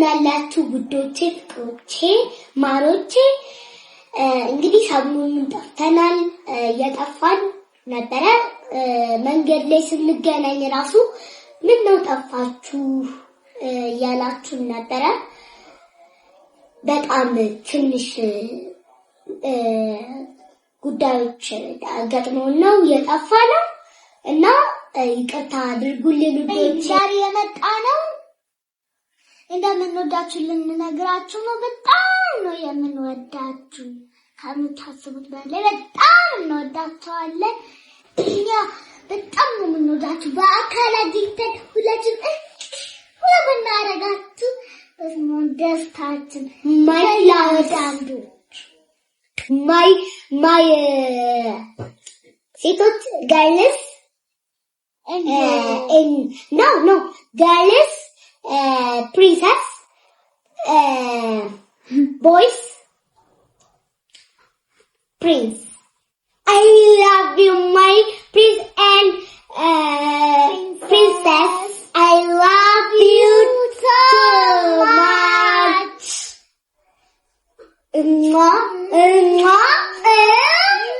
ሰላም ያላችሁ ውዶቼ፣ ፍቅሮቼ፣ ማሮቼ እንግዲህ ሰሞኑን ጠፍተናል። እየጠፋን ነበረ። መንገድ ላይ ስንገናኝ ራሱ ምን ነው ጠፋችሁ እያላችሁን ነበረ። በጣም ትንሽ ጉዳዮች ገጥመውን ነው የጠፋ ነው እና ይቅርታ አድርጉልን ውዶቼ። ዛሬ የመጣ ነው እንደምንወዳችሁ ልንነግራችሁ ነው። በጣም ነው የምንወዳችሁ ከምታስቡት በላይ በጣም እንወዳቸዋለን። እኛ በጣም ነው የምንወዳችሁ። በአካል አግኝተን ሁላችን ሁሉ ብናረጋችሁ ደስታችን ማይላወዳሉ ማይ ማይ ሴቶች ጋይልስ ነው ነው ጋይልስ princess, uh, eh, boys, prince. I love you, my prince and uh, princess. princess. I love you, you so much. much. Mm -hmm. Mm -hmm. Mm -hmm.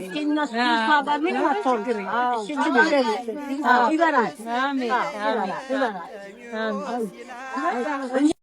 ይበራል።